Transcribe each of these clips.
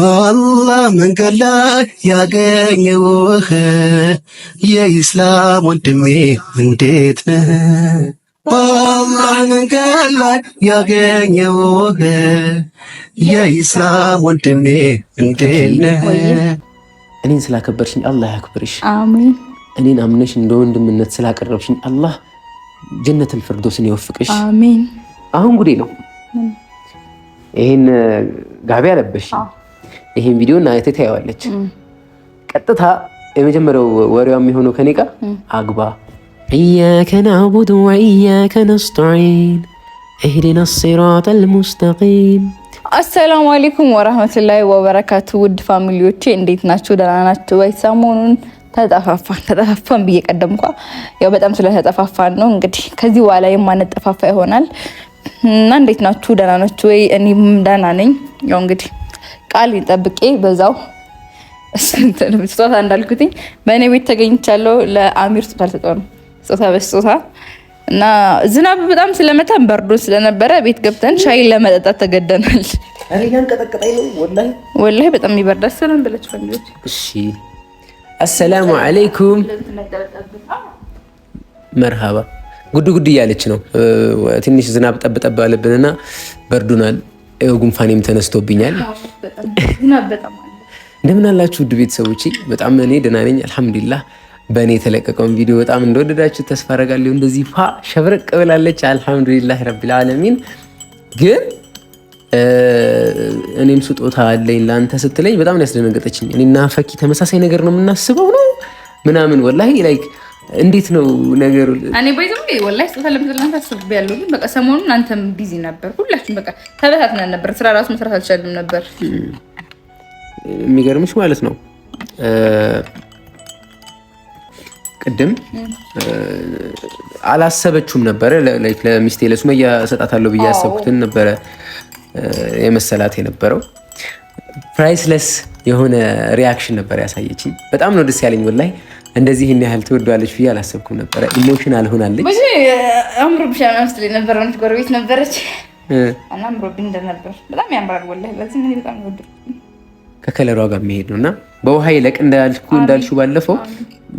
በአላህ መንገድ ላይ ያገኘውህ የኢስላም ወንድሜ እንዴት ነህ? በአላህ መንገድ ላይ ያገኘውህ የኢስላም ወንድሜ እንዴት ነህ? እኔን ስላከበርሽኝ አላህ ያክብርሽ። አሜን። እኔን አምነሽ እንደ ወንድምነት ስላቀረብሽኝ አላህ ጀነትን ፍርዶስን ይወፍቅሽ። አሜን። አሁን ጉዴ ነው። ይሄን ጋቢ አለበሽ ይሄን ቪዲዮ እና እናቴ ታየዋለች። ቀጥታ የመጀመሪያው ወሬዋ የሚሆነው ከኔ ጋር አግባ ኢያከ ናዕቡዱ ወኢያከ ነስተዒን እህዲና ሲራጥ ሙስተቂም። አሰላሙ አሌይኩም ወረህመቱላሂ ወበረካቱ። ውድ ፋሚሊዎቼ እንዴት ናችሁ? ደህና ናችሁ ወይ? ሰሞኑን ተጠፋፋን ተጠፋፋን ብዬ ቀደም እንኳ ያው በጣም ስለተጠፋፋን ነው። እንግዲህ ከዚህ በኋላ የማንጠፋፋ ይሆናል እና እንዴት ናችሁ? ደህና ናችሁ ወይ? እኔም ደህና ነኝ። ያው እንግዲህ ቃል ጠብቄ በዛው ስጦታ እንዳልኩትኝ በእኔ ቤት ተገኝቻለሁ። ለአሚር ስጦታ አልሰጠው ነው ስጦታ በስጦታ እና ዝናብ በጣም ስለመታን በርዶን ስለነበረ ቤት ገብተን ሻይ ለመጠጣት ተገደናል። ወላሂ በጣም ይበርዳል። ሰላም ብላችሁ እሺ፣ አሰላሙ አለይኩም መርሃባ። ጉድ ጉድ እያለች ነው። ትንሽ ዝናብ ጠብጠብ አለብንና በርዱናል። ጉንፋኔም ተነስቶብኛል። እንደምን አላችሁ ውድ ቤተሰቦቼ? በጣም እኔ ደህና ነኝ አልሐምዱሊላህ። በእኔ የተለቀቀውን ቪዲዮ በጣም እንደወደዳችሁ ተስፋ አደርጋለሁ። እንደዚህ ፋ ሸብረቅ ብላለች አልሐምዱሊላህ ረቢል ዓለሚን። ግን እኔም ስጦታ አለኝ ለአንተ ስትለኝ በጣም ያስደነገጠችኝ። እኔና ፈኪ ተመሳሳይ ነገር ነው የምናስበው ነው ምናምን ወላሂ ላይክ እንዴት ነው ነገሩ? እኔ ባይዘም ወላሂ ስጦታ ለምትላንት አስብ ያለው ግን በቃ ሰሞኑን አንተም ቢዚ ነበር፣ ሁላችን በቃ ተበታትነን ነበር። ስራ ራሱ መስራት አልቻልም ነበር። የሚገርምሽ ማለት ነው ቅድም አላሰበችውም ነበረ። ለሚስቴ ለሱመያ እሰጣታለሁ ብዬ ያሰብኩትን ነበረ የመሰላት የነበረው ፕራይስለስ የሆነ ሪያክሽን ነበር ያሳየችኝ። በጣም ነው ደስ ያለኝ ወላሂ እንደዚህ ይህን ያህል ትወዷለች ብዬ አላሰብኩም ነበረ። ኢሞሽናል ሆናለች። አምሮብሻ መስሎኝ ነበር። ሆነች ጎረቤት ነበረች እና አምሮብኝ እንደነበር በጣም ያምራል። ወላሂ በዚህ ምን በጣም ወድ ከከለሯ ጋር የሚሄድ ነው እና በውሃ ይለቅ እንዳልኩ እንዳልሹ ባለፈው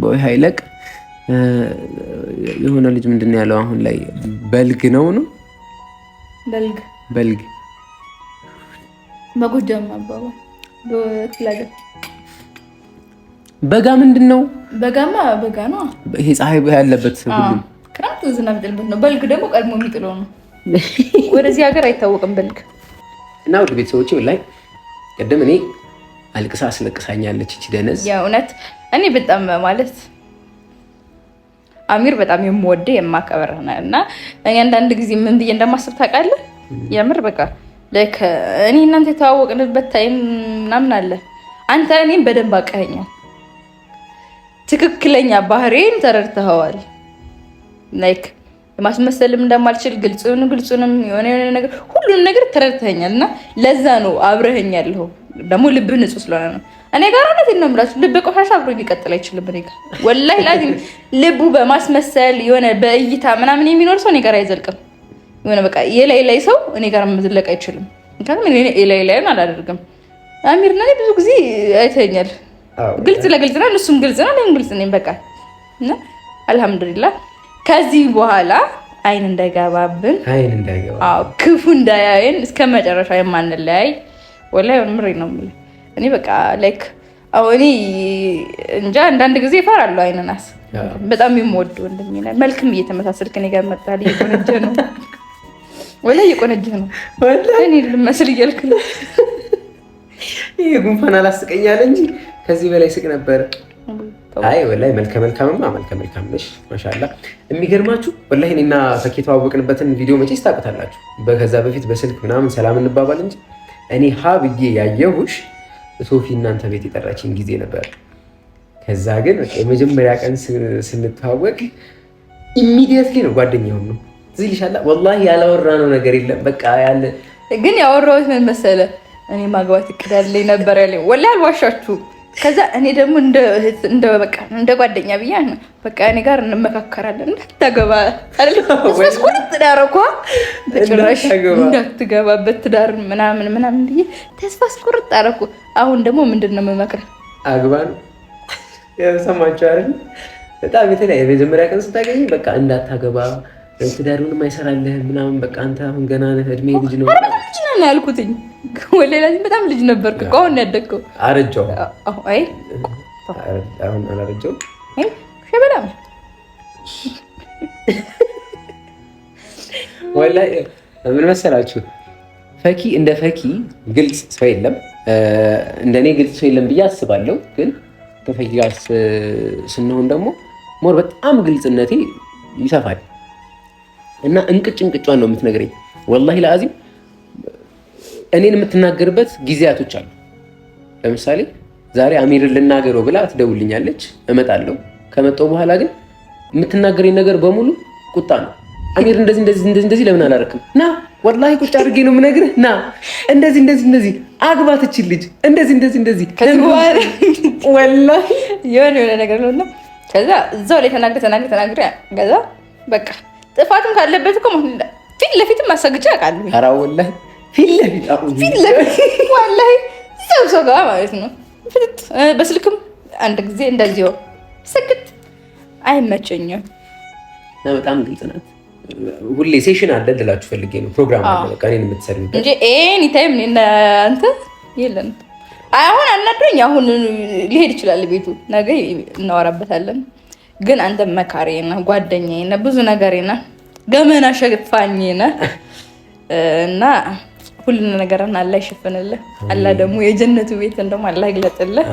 በውሃ ይለቅ የሆነ ልጅ ምንድን ነው ያለው አሁን ላይ በልግ ነው ነው በልግ በልግ በጎጃም አባባል በጋ ምንድን ነው በጋማ በጋ ነው። ይሄ ፀሐይ ያለበት ሁሉም ክረምት ዝናብ የሚጥልበት ነው። በልግ ደግሞ ቀድሞ የሚጥለው ነው። ወደዚህ ሀገር አይታወቅም በልግ። እና ውድ ቤተሰቦች ላይ ቅድም እኔ አልቅሳ አስለቅሳኛለች እቺ ደነዝ። የእውነት እኔ በጣም ማለት አሚር በጣም የምወደ የማከበር ነው እና እኔ አንዳንድ ጊዜ ምን ብዬ እንደማስብ ታውቃለህ? የምር በቃ እኔ እናንተ የተዋወቅንበት ታይም ምናምን አለ። አንተ እኔም በደንብ አውቀኸኛል ትክክለኛ ባህሬን ተረድተኸዋል። ላይክ የማስመሰልም እንደማልችል ግልጹን ግልጹንም የሆነ የሆነ ነገር ሁሉንም ነገር ተረድተኛል። እና ለዛ ነው አብረኸኝ ያለው ደግሞ ልብህ ንጹህ ስለሆነ ነው። እኔ ጋር እውነት ነው የምላችሁ፣ ልብ ቆሻሻ አብሮ ሊቀጥል አይችልም። እኔ ጋር ወላሂ ላዚም ልቡ በማስመሰል የሆነ በእይታ ምናምን የሚኖር ሰው እኔ ጋር አይዘልቅም። የሆነ በቃ የላይ ላይ ሰው እኔ ጋር መዝለቅ አይችልም። ምክንያቱም የላይ ላይን አላደርግም። አሚርና ብዙ ጊዜ አይተኛል ግልጽ ለግልጽ ነው። እሱም ግልጽ ነው፣ እኔም ግልጽ ነኝ። በቃ እና አልሐምዱሊላህ ከዚህ በኋላ አይን እንዳይገባብን፣ አይን እንዳይገባ፣ አዎ ክፉ እንዳያየን እስከ መጨረሻ የማንለያይ ወላሂ ምሬ ነው የምልህ። እኔ በቃ ላይክ እኔ እንጃ አንዳንድ ጊዜ እፈራለሁ። አይንናስ በጣም የምወድ ወንድሜ ነው። መልክም እየተመሳሰልክ እኔ ጋር መጣል እየቆነጀ ነው ወላሂ እየቆነጀ ነው። እኔ ልመስል እያልክ ነው። ይሄ ጉንፋን አላስቀኛል እንጂ ከዚህ በላይ ስቅ ነበር። አይ ወላሂ መልከ መልካምማ መልከ መልካም ነሽ ማሻላ። የሚገርማችሁ ወላሂ እኔና ፈኪ የተዋወቅንበትን ቪዲዮ መቼ ስታቁታላችሁ? ከዛ በፊት በስልክ ምናምን ሰላም እንባባል እንጂ እኔ ሀ ብዬ ያየሁሽ ሶፊ እናንተ ቤት የጠራችኝ ጊዜ ነበር። ከዛ ግን የመጀመሪያ ቀን ስንተዋወቅ ኢሚዲየትሊ ነው ጓደኛ ነው እዚህ ልሻላ ወላሂ ያላወራነው ነገር የለም። በቃ ያለ ግን ያወራሁት ምን መሰለ እኔ ማግባት እቅድ አለኝ ነበር ያለኝ። ወላሂ አልዋሻችሁም ከዛ እኔ ደግሞ እንደ በቃ እንደ ጓደኛ ብያ በቃ እኔ ጋር እንመካከራለን። እንዳታገባ አለስኩረት ትዳር እኮ በጭራሽ እንዳትገባበት ትዳር ምናምን ምናምን ብዬ ተስፋ አስቆርጥ አደረኩ። አሁን ደግሞ ምንድን ነው የምመክረው? አግባን ያሰማቸው አይደል? በጣም የተለያየ መጀመሪያ ቀን ስታገኝ በቃ እንዳታገባ ትዳሩንም አይሰራልህም ምናምን በቃ አንተ አሁን ገና እድሜ ልጅ ነው። ኧረ በጣም ልጅ ነህ ያልኩትኝ ወሌላ በጣም ልጅ ነበርክ እኮ። አሁን ያደግከው አረጀው። አይ አሁን አላረጀውም። በጣም ወላሂ ምን መሰላችሁ ፈኪ እንደ ፈኪ ግልጽ ሰው የለም፣ እንደ እኔ ግልጽ ሰው የለም ብዬ አስባለሁ። ግን ከፈኪ ጋር ስንሆን ደግሞ ሞር በጣም ግልጽነቴ ይሰፋል። እና እንቅጭ እንቅጫን ነው የምትነግረኝ። ወላሂ ለአዚም እኔን የምትናገርበት ጊዜያቶች አሉ። ለምሳሌ ዛሬ አሚርን ልናገረው ብላ ትደውልኛለች፣ እመጣለሁ። ከመጣው በኋላ ግን የምትናገረኝ ነገር በሙሉ ቁጣ ነው። አሚር እንደዚህ እንደዚህ እንደዚህ ለምን አላረክም? ና ወላሂ ቁጭ አድርጌ ነው የምነግርህ። ና እንደዚህ እንደዚህ እንደዚህ አግባት እችል ልጅ እንደዚህ እንደዚህ እንደዚህ ወላሂ የሆነ የሆነ ነገር ነው። ከዛ እዛው ላይ ተናግሬ ተናግሬ ተናግሬ ገዛ በቃ ጥፋትም ካለበት እኮ ፊት ለፊትም አሰግቼ አውቃለሁ። ኧረ ወላሂ ፊት ለፊት ፊት ለፊት ወላሂ ሰው ሰው ጋር ማለት ነው። በስልክም አንድ ጊዜ እንደዚሁ ስግት አይመቸኝም። በጣም ግልጽ ናት። ሁሌ ሴሽን አለ ልላችሁ ፈልጌ ነው። ፕሮግራም አለ በቃ እኔን የምትሰርበት እንጂ ኤኒ ታይም እኔና አንተ አሁን አናዶኝ አሁን ሊሄድ ይችላል ቤቱ። ነገ እናወራበታለን። ግን አንተ መካሪ ነህ፣ ጓደኛ ነህ፣ ብዙ ነገር ነህ፣ ገመና ሸፋኝ ነህ እና ሁሉን ነገርን አላህ ይሸፍንልህ። አላህ ደግሞ የጀነቱ ቤት እንደውም አላህ ይግለጥልህ።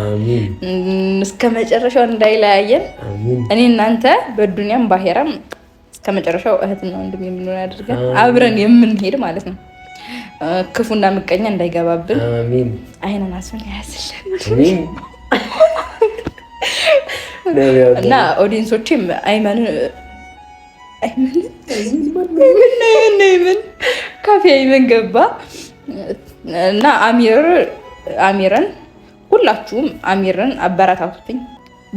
እስከ መጨረሻው እንዳይለያየን እኔ እናንተ በዱንያም ባሄራም እስከ መጨረሻው እህትና ወንድም የምንሆን ያድርገን፣ አብረን የምንሄድ ማለት ነው። ክፉና ምቀኛ እንዳይገባብን አይነን አስን ያያዝልን። እና ኦዲየንሶቼም አይመን አይመን ካፌ አይመን ገባ እና አሚር አሚርን ሁላችሁም አሚርን አበረታቱትኝ፣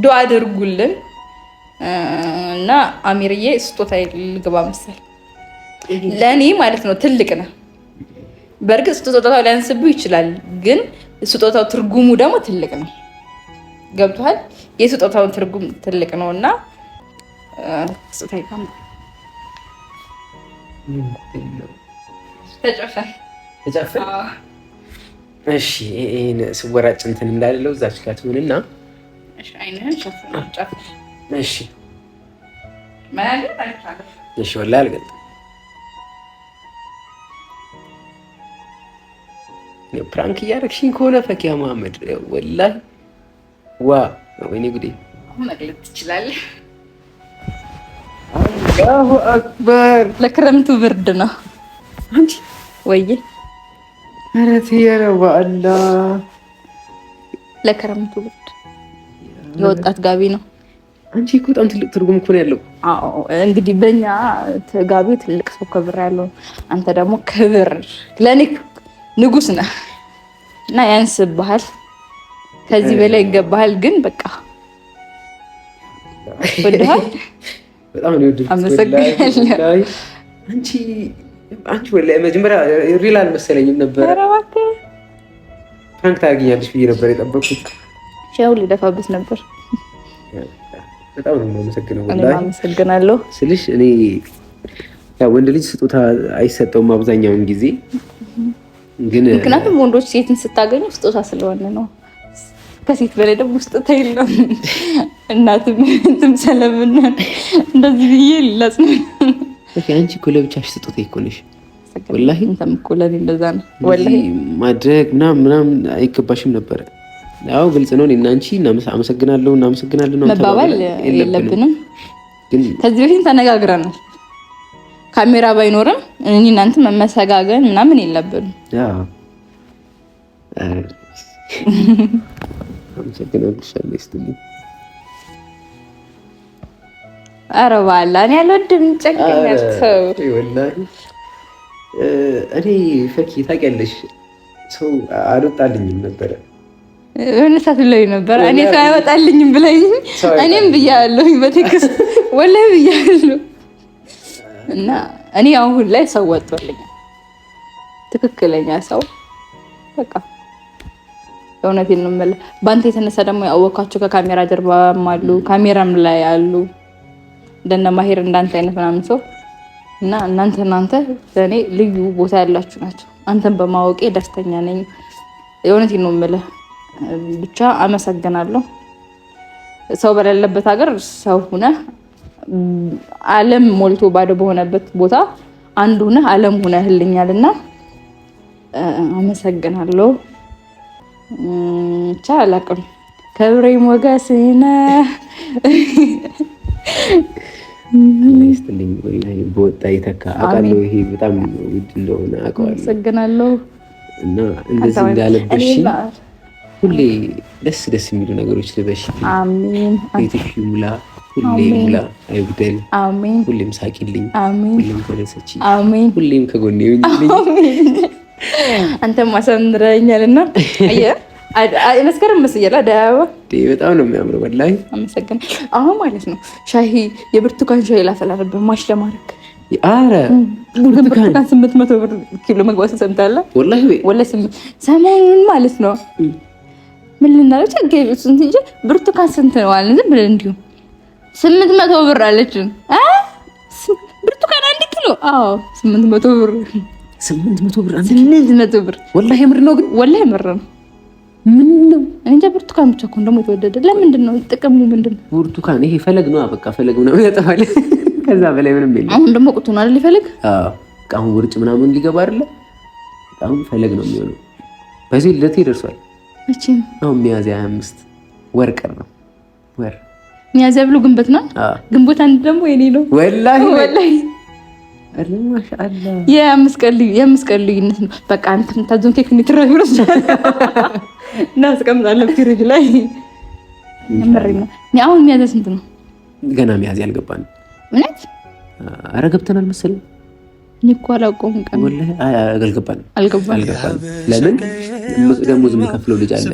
ዶ አድርጉልን እና አሚርዬ ስጦታ ልግባ መሰል ለእኔ ማለት ነው። ትልቅ ነው። በእርግጥ ስጦታው ሊያንስብህ ይችላል፣ ግን ስጦታው ትርጉሙ ደግሞ ትልቅ ነው። ገብቶሃል? የስጦታውን ትርጉም ትልቅ ነው እና እሺ ይህን ስወራጭ እንትን እንዳልለው እዛች ጋር ትሆንና እሺ እሺ ወላሂ አልገልጥም። ፕራንክ እያደረግሽኝ ከሆነ ፈኪያ መሀመድ ወላሂ ዋ ወይኔ ጉዴ! መግለጥ ትችላለህ። አላሁ አክበር! ለክረምቱ ብርድ ነው። ወይዬ ኧረ ትዬ ነው በአላህ ለክረምቱ ብርድ የወጣት ጋቢ ነው። አንቺ እኮ በጣም ትልቅ ትርጉም እኮ ነው ያለው። አዎ እንግዲህ በእኛ ጋቢ ትልቅ ሰው ክብር ያለው፣ አንተ ደግሞ ክብር ለእኔ ንጉሥ ነህ እና ያንስብሃል። ከዚህ በላይ ይገባሃል። ግን በቃ ወድሃል። መጀመሪያ ሪል አልመሰለኝም ነበረ። ፍራንክ ታደርጊኛለሽ ብዬ ነበር የጠበኩት። ያው ልደፋበት ነበር። በጣም ነው የማመሰግነው። አመሰግናለሁ ስልሽ እኔ ወንድ ልጅ ስጦታ አይሰጠውም አብዛኛውን ጊዜ ግን ምክንያቱም ወንዶች ሴትን ስታገኙ ስጦታ ስለሆነ ነው ከሴት በላይ ደግሞ ውስጥ ተይል ነው እናትም እንትን ስለምንሆን እንደዚህ ብዬ ላጽ አንቺ እኮ ለብቻሽ ስጦታ እኮ ነሽ። ወላሂ እንደዛ ነው ወላሂ ማድረግ ምናምን ምናምን አይገባሽም ነበረ። አዎ ግልጽ ነው። እና አንቺ አመሰግናለሁ እናመሰግናለሁ ነው መባባል የለብንም። ከዚህ በፊት ተነጋግረናል። ካሜራ ባይኖርም እኔ እናንተ መመሰጋገን ምናምን የለብንም። አመሰግናለሁ። ሻላ ይስጥልኝ። ኧረ በኋላ እኔ አልወድም ሰው እኔ ፈኪ ታውቂያለሽ፣ ሰው አልወጣልኝም ነበረ ነበረ። እኔ ሰው አይወጣልኝም ብለኝ እኔም በቴክስት ወላሂ ብያለሁ። እና እኔ አሁን ላይ ሰው ወጥቶልኛል፣ ትክክለኛ ሰው በቃ እውነቴን ነው የምልህ። በአንተ የተነሳ ደግሞ ያወኳቸው ከካሜራ ጀርባም አሉ ካሜራም ላይ አሉ እንደነ ማሄር እንዳንተ አይነት ምናምን ሰው እና እናንተ እናንተ ለእኔ ልዩ ቦታ ያላችሁ ናቸው። አንተን በማወቄ ደስተኛ ነኝ። እውነቴን ነው የምልህ። ብቻ አመሰግናለሁ። ሰው በሌለበት ሀገር ሰው ሁነህ ዓለም ሞልቶ ባዶ በሆነበት ቦታ አንድ ሁነህ ዓለም ሁነህልኛል እና አመሰግናለሁ። ብቻ አላውቅም። ክብሬ ሞገስ ነህ በወጣ ይተካ አውቃለሁ። ይሄ በጣም ውድ እንደሆነ አውቀዋለሁ። አመሰግናለሁ። እና እንደዚህ እንዳለበሽ ሁሌ ደስ ደስ የሚሉ ነገሮች ልበሽ። አሜን። ቤትሽ ሙላ፣ ሁሌ ሙላ፣ አይጉደል። አሜን። ሁሌም ሳቂልኝ፣ አሜን። ሁሌም ጎረሰች፣ ሁሌም ከጎኔ አንተም አሳምረኛል እና መስከረም መስያል አዲስ አበባ በጣም ነው የሚያምሩ። ወላሂ አመሰግን። አሁን ማለት ነው ሻሂ የብርቱካን ሻሂ ላፈላለብህ ማሽ ለማድረግ አረ ብርቱካን ስምንት መቶ ብር ኪሎ መግባት ሰምታለ ወላሂ ሰሞኑን ማለት ነው ምን ልናለች አጋቢሱን እንጂ ብርቱካን ስንት ነው አለ ዝም ብለን እንዲሁ ስምንት መቶ ብር አለችን ብርቱካን አንድ ኪሎ አዎ ስምንት መቶ ብር ስምንት መቶ ብር ስምንት መቶ ብር ወላሂ የምር ነው ግን ወላሂ የምር ነው ምን ነው እንጃ ብርቱካን ብቻ እኮ ደግሞ የተወደደ ለምንድን ነው ጥቅሙ ምንድን ነው ብርቱካን ይሄ ፈለግ ነው በቃ ፈለግ ነው ያጠፋል ከዛ በላይ ምንም የለም አሁን ደግሞ ቁጡ ነው አይደል ፈለግ አሁን ውርጭ ምናምን ሊገባ አይደለ አሁን ፈለግ ነው የሚሆነው በዚህ ልደቴ ደርሷል መቼ ነው አሁን ሚያዝያ ሀያ አምስት ወር ቀር ነው ወር ሚያዝያ ብሎ ግንቦት ነው ግንቦት አንድ ደግሞ የኔ ነው ወላሂ ወላሂ የአምስት ቀን ልዩነት ነው። በቃ አንተ የምታዘውን ኬክ ትረብረስ እናስቀምጣለን ፍሪጅ ላይ። ነው። አሁን ሚያዝያ ስንት ነው? ገና ሚያዝያ አልገባንም። እውነት ኧረ ገብተናል መሰለኝ። እኔ እኮ አላውቀውም። ቀን አልገባንም አልገባንም። ለምን ደሞዝ የምከፍለው ልጅ አለ።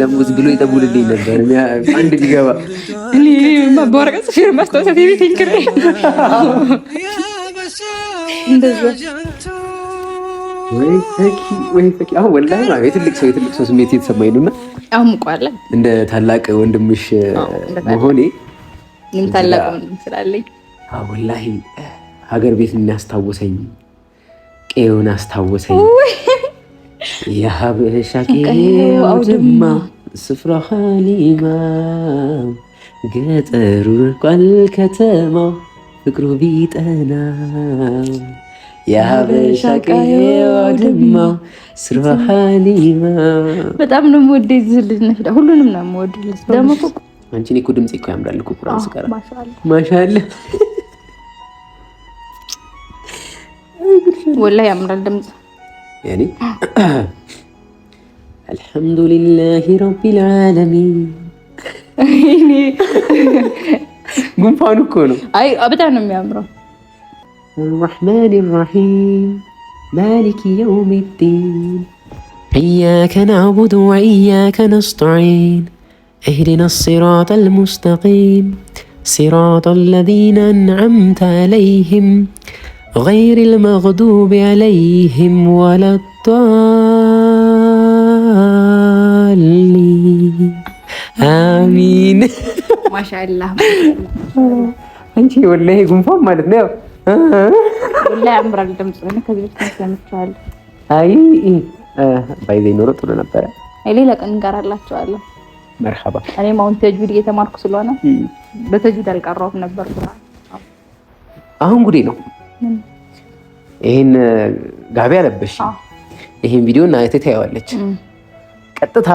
ደሞዝ ብሎ ይጠቡልልኝ ነበር አንድ ቢገባ በወረቀት ፊርማ ማስታወሻ የቤት ንክሬ አሁን ወላሂ ነው የትልቅ ሰው የትልቅ ሰው ስሜት የተሰማኝ ነው። እና አሁን ሙቋለ እንደ ታላቅ ወንድምሽ መሆኔ እኔም ታላቅ ወንድም ስላለኝ ወላሂ ሀገር ቤት እናስታወሰኝ፣ ቄውን አስታወሰኝ። የሀበሻ ቄው ስፍራ ሀሊማ ገጠሩ ርቋል ከተማው ፍቅሩ ቢጠና የሀበሻ ቀዬ ዋድማው ስርወ ሀሊማ በጣም ነው የምወደው። ይዝህ ልጅ ነሽ ሁሉንም ነው የምወደው። ደግሞ አንቺ እኔ እኮ ድምፄ እኮ ያምራል እኮ ኩራንስ ቀራ ማሻለ ወላሂ ያምራል ድምፅ ያኔ አልሐምዱሊላሂ ረቢል ዓለሚን ጉንፋኑ እኮ ነው። አይ በጣም ነው የሚያምረው። አርራህማን አርራሂም ማሊክ የውም ዲን ኢያከ ናዕቡድ ወኢያከ ነስተዒን እህዲና ሲራጥ አልሙስተቂም صراط الذين أنعمت عليهم غير المغضوب عليهم ولا الضالين آمين ማሻአላህ አንቺ ወላሂ ጉንፋን ማለት ነው። ወላሂ ያምራል ድምጽ ነው። ከዚህ በፊት ሰምቻለሁ። አይ ባይዘይ ኖሮ ጥሩ ነበረ። ሌላ ቀን እንቀራላችኋለሁ። መርሐባ። እኔም አሁን ተጅዊድ እየተማርኩ ስለሆነ በተጅዊድ አልቀራሁም ነበር። አሁን ጉዴ ነው። ይሄን ጋቢ አለበሽ ይሄን ቪዲዮ እና እህቴ ታየዋለች። ቀጥታ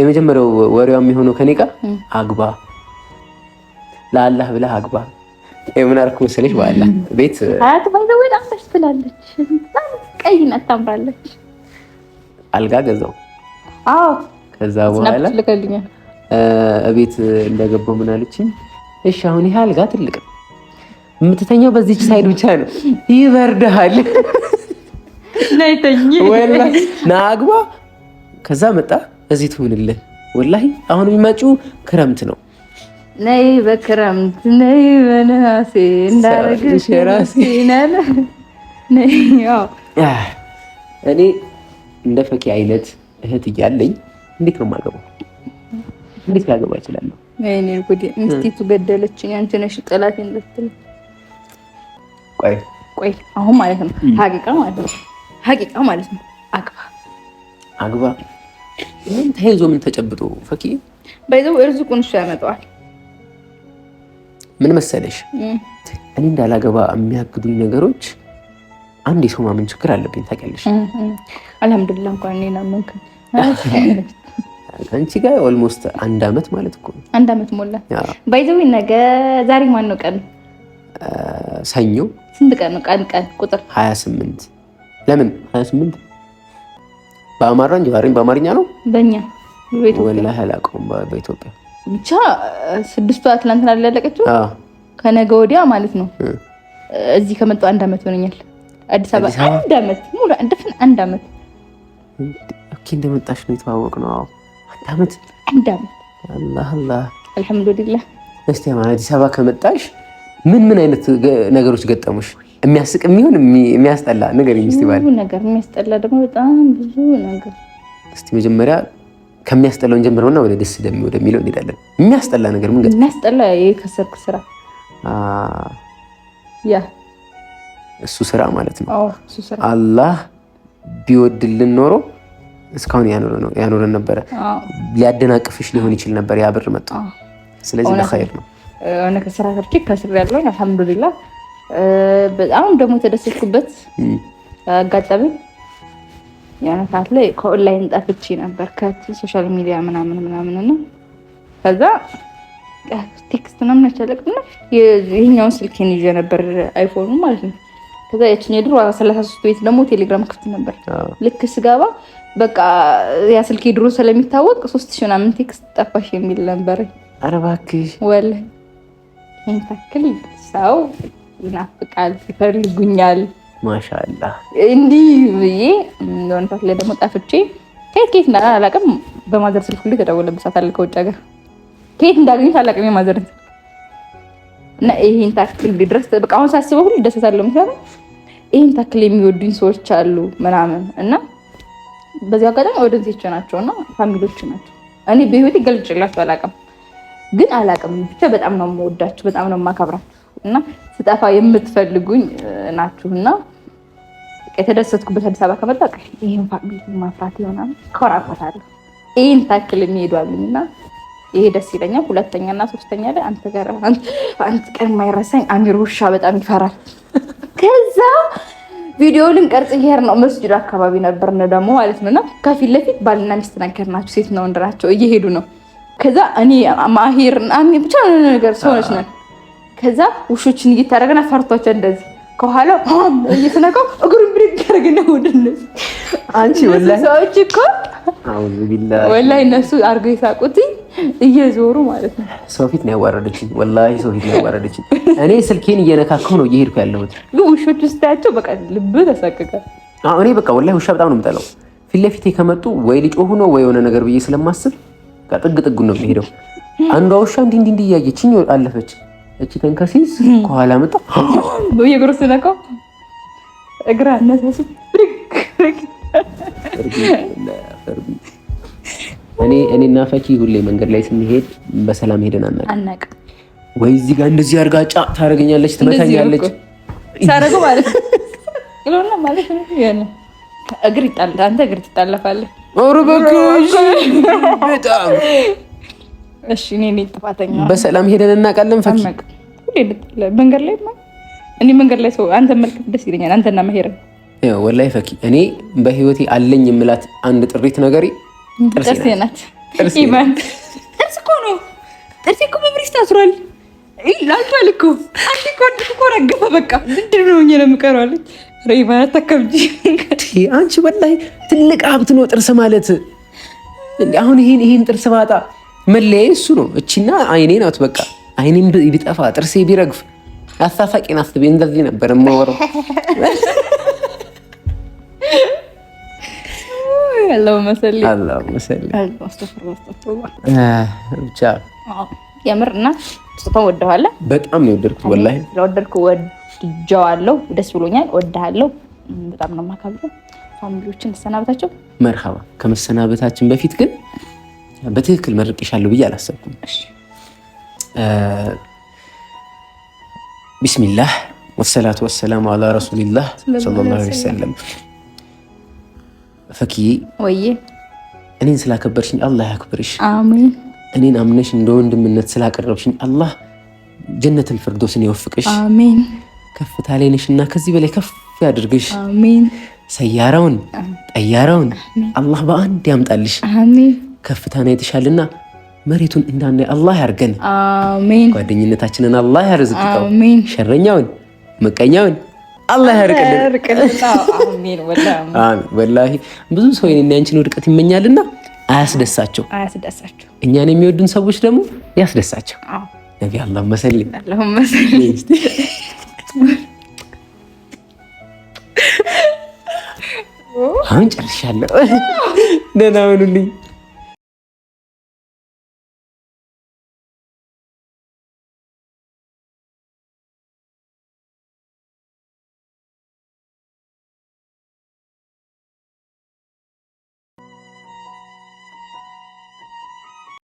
የመጀመሪያው ወሬዋ የሚሆነው ከኔ ጋር አግባ ለአላህ ብለህ አግባ። ምን አርኩ ስልሽ በኋላ ቤት አያት ባይዘው በጣም ደስ ትላለች። ቀይ ናት ታምራለች። አልጋ ገዛው። አዎ ከዛ በኋላ እቤት እንደገባሁ ምን አለችኝ? እሺ አሁን ይሄ አልጋ ትልቅ ነው የምትተኛው በዚህች ሳይድ ብቻ ነው፣ ይበርድሃል፣ ናይተኝ ወላ ናግባ። ከዛ መጣ እዚህ ትሁንልህ። ወላሂ አሁን የሚመጪው ክረምት ነው ነይ በክረምት ነይ በነሐሴ እንዳረግሽ ራሴ እኔ እንደ ፈኪ አይነት እህት እያለኝ እንዴት ነው የማገባው? እንዴት ላገባ እችላለሁ? ወይኔ ጉዴ! ሚስቲቱ ገደለችኝ። አንቺ ነሽ ጠላት ንበትል ቆይ ቆይ፣ አሁን ማለት ነው ሀቂቃ ማለት ነው ሀቂቃ ማለት ነው አግባ አግባ። ምን ተይዞ ምን ተጨብጦ ፈኪ በይዘው እርዝቁን እሱ ያመጣዋል። ምን መሰለሽ፣ እኔ እንዳላገባ የሚያግዱኝ ነገሮች አንድ የሰው ማመን ችግር አለብኝ ታውቂያለሽ። አልሐምዱሊላህ እንኳን እኔን አመንከኝ። አንቺ ጋር ኦልሞስት አንድ አመት ማለት እኮ አንድ አመት ሞላ። ባይዘዊ ነገ ዛሬ ማን ነው ቀን? ሰኞ። ስንት ቀን ነው? ቀን ቀን ቁጥር ሀያ ስምንት ለምን ሀያ ስምንት በአማራ እንጂ ዛሬም በአማርኛ ነው በእኛ ወላሂ አላውቀውም በኢትዮጵያ ብቻ ስድስቱ ትላንትና ያለቀችው ከነገ ወዲያ ማለት ነው። እዚህ ከመጣሁ አንድ አመት ይሆነኛል። አዲስ አበባ አንድ አመት ሙሉ እንደፍን አንድ አመት እንደመጣሽ ነው የተዋወቅ ነው። አንድ አመት አንድ አመት። አላህ አላህ፣ አልሐምዱሊላህ። እስቲ አዲስ አበባ ከመጣሽ ምን ምን አይነት ነገሮች ገጠሙሽ? የሚያስቅ የሚሆን የሚያስጠላ ነገር ነገር የሚያስጠላ ደግሞ በጣም ብዙ ነገር። እስቲ መጀመሪያ ከሚያስጠላው እንጀምረውና ወደ ደስ ደሚ ወደሚለው እንሄዳለን። የሚያስጠላ ነገር ምን ገጠመኝ? የሚያስጠላ የከሰርኩ ስራ ያ እሱ ስራ ማለት ነው። አላህ ቢወድልን ኖሮ እስካሁን ያኖረን ነበረ። ሊያደናቅፍሽ ሊሆን ይችል ነበር ያ ብር መጣ። ስለዚህ ለኸይር ነው። ሆነ ከስራ ሰርቼ ከስር ያለውን አልሐምዱሊላህ በጣም ደግሞ ተደሰትኩበት አጋጣሚ የሆነ ሰዓት ላይ ከኦንላይን ጠፍቼ ነበር ከሶሻል ሚዲያ ምናምን ምናምን ነው። ከዛ ቴክስት ነው አልቻለቅና ይህኛውን ስልኬን ይዤ ነበር አይፎኑ ማለት ነው። ከዛ ያችን የድሮ ሰላሳ ሶስት ቤት ደግሞ ቴሌግራም ክፍት ነበር። ልክ ስገባ በቃ ያ ስልኬ ድሮ ስለሚታወቅ ሶስት ሺህ ምናምን ቴክስት ጠፋሽ የሚል ነበር። ኧረ እባክሽ ወላሂ ይህን ታክል ሰው ይናፍቃል፣ ይፈልጉኛል ማሻላ እንዲህ ብዬ ለሆነታት ላይ ደግሞ ጠፍቼ ከየት ከየት እንዳለ አላውቅም። በማዘር ስልክ ከውጭ ሀገር ከየት አላውቅም። እና ታክል ድረስ በቃ አሁን ሳስበው ሁሉ ምክንያቱም ይህን ታክል የሚወዱኝ ሰዎች አሉ ምናምን እና በዚህ አጋጣሚ ወደንሴች ናቸው እና ፋሚሊዎች ናቸው። እኔ በህይወት ይገልጭላቸው አላውቅም፣ ግን አላውቅም ብቻ በጣም ነው የምወዳቸው፣ በጣም ነው የማከብራችሁ እና ስጠፋ የምትፈልጉኝ ናችሁ እና የተደሰትኩበት አዲስ አበባ ከመጣ ይህን ፋሚሊ ማፍራት ይሆናል ኮራበታለሁ። ይህን ታክል የሚሄዷሉኝ እና ይሄ ደስ ይለኛል። ሁለተኛ እና ሶስተኛ ላይ አንተ ጋር በአንድ ቀን የማይረሳኝ አሚር ውሻ በጣም ይፈራል። ከዛ ቪዲዮ ልንቀርጽ እየሄድን ነው መስጅድ አካባቢ ነበር ነው ደግሞ ማለት ነው እና ከፊት ለፊት ባልና ሚስት ነገር ናቸው ሴት ነው ወንድ ናቸው እየሄዱ ነው። ከዛ እኔ ማሄር ብቻ ነገር ሰውነች ነን። ከዛ ውሾችን እየታደረገና ፈርቷቸው እንደዚህ ከኋላ እየተነካው እግሩን ብድግ ያደርግና ወደ እነሱ አንቺ ሰዎች እኮ ወላሂ እነሱ አድርገው የሳቁት እየዞሩ ማለት ነው። ሰው ፊት ነው ያዋረደችኝ፣ ወላሂ ሰው ፊት ነው ያዋረደችኝ። እኔ ስልኬን እየነካከሁ ነው እየሄድኩ ያለሁት፣ ግን ውሾቹ ስታያቸው በቃ ልብ ተሳቅቃል። እኔ በቃ ወላሂ ውሻ በጣም ነው የምጠላው። ፊት ለፊቴ ከመጡ ወይ ሊጮሁ ነው ወይ የሆነ ነገር ብዬ ስለማስብ ጥግ ጥጉን ነው የሚሄደው። አንዷ ውሻ እንዲህ እንዲህ እያየችኝ አለፈች። እቺ ተንከሲስ ከኋላ መጣ በየግሩ ስለቀው እግራ ነሳሱ እኔ እኔና ፈኪ ሁሌ መንገድ ላይ ስንሄድ በሰላም ሄደን አናውቅ። ወይ እዚህ ጋር እንደዚህ አድርጋ ጫ ታደርገኛለች፣ ትመታኛለች። ሳረጉ ማለት ይሎና ማለት ነው ያለ እግር ይጣል አንተ እግር ትጣለፋለህ። ኧረ በቃ በጣም እሺ እኔ ጥፋተኛ በሰላም ሄደን እናውቃለን። ፈኪ መንገድ ላይ እኔ መንገድ ላይ ሰው አንተ መልክት ደስ ይለኛል። አንተና መሄር ወላይ ፈኪ እኔ በህይወቴ አለኝ የምላት አንድ ጥሪት ነገሬ ጥርሴ ናት። ጥርስ እኮ ነው። ጥርሴ እኮ ታስሯል። ላልቷል እኮ እኮ ረገፈ። በቃ ምንድን ነው ነው አንቺ። ትልቅ ሀብት ነው ጥርስ ማለት። አሁን ጥርስ ባጣ መለያዬ እሱ ነው። እቺና አይኔ ናት። በቃ አይኔም ቢጠፋ ጥርሴ ቢረግፍ አሳሳቂ ናስብ እንደዚህ ነበር የማወራው። ብቻ የምር እናት ወደኋላ በጣም የወደድኩት። ወላሂ ለወደድኩ ወድጀዋለሁ። ደስ ብሎኛል። ወድሃለሁ። በጣም ነው የማከብረው። ፋሚሊዎችን ተሰናበታቸው። መርሃባ ከመሰናበታችን በፊት ግን በትክክል መርቄሻለሁ ብዬ አላሰብኩም። ቢስሚላህ ወሰላቱ ወሰላሙ አላ ረሱሊላህ ሰለላሁ ዐለይሂ ወሰለም። ፈኪዬ እኔን ስላከበርሽኝ አላህ ያክብርሽ። አሜን። እኔን አምነሽ እንደ ወንድምነት ስላቀረብሽኝ አላህ ጀነትን ፍርዶስን ይወፍቅሽ። አሜን። ከፍታ ላይ ነሽና ከዚህ በላይ ከፍ ያድርግሽ። አሜን። ሰያራውን ጠያራውን አላህ በአንድ ያምጣልሽ። አሜን። ከፍታና የተሻልና መሬቱን እንዳናይ አላህ ያርገን። አሜን። ጓደኝነታችንን አላህ ያርዝቅቀው። አሜን። ሸረኛውን ምቀኛውን አላህ ያርቅልን። አሜን። ወላሂ ብዙ ሰው የኔና ያንቺን ውድቀት ይመኛልና አያስደሳቸው። አያስደሳቸው። እኛን የሚወዱን ሰዎች ደግሞ ያስደሳቸው። ነቢ አላህ ሰሊ አላሁመ ሰሊ። አሁን ጨርሻለሁ። ደህና ሁኑልኝ።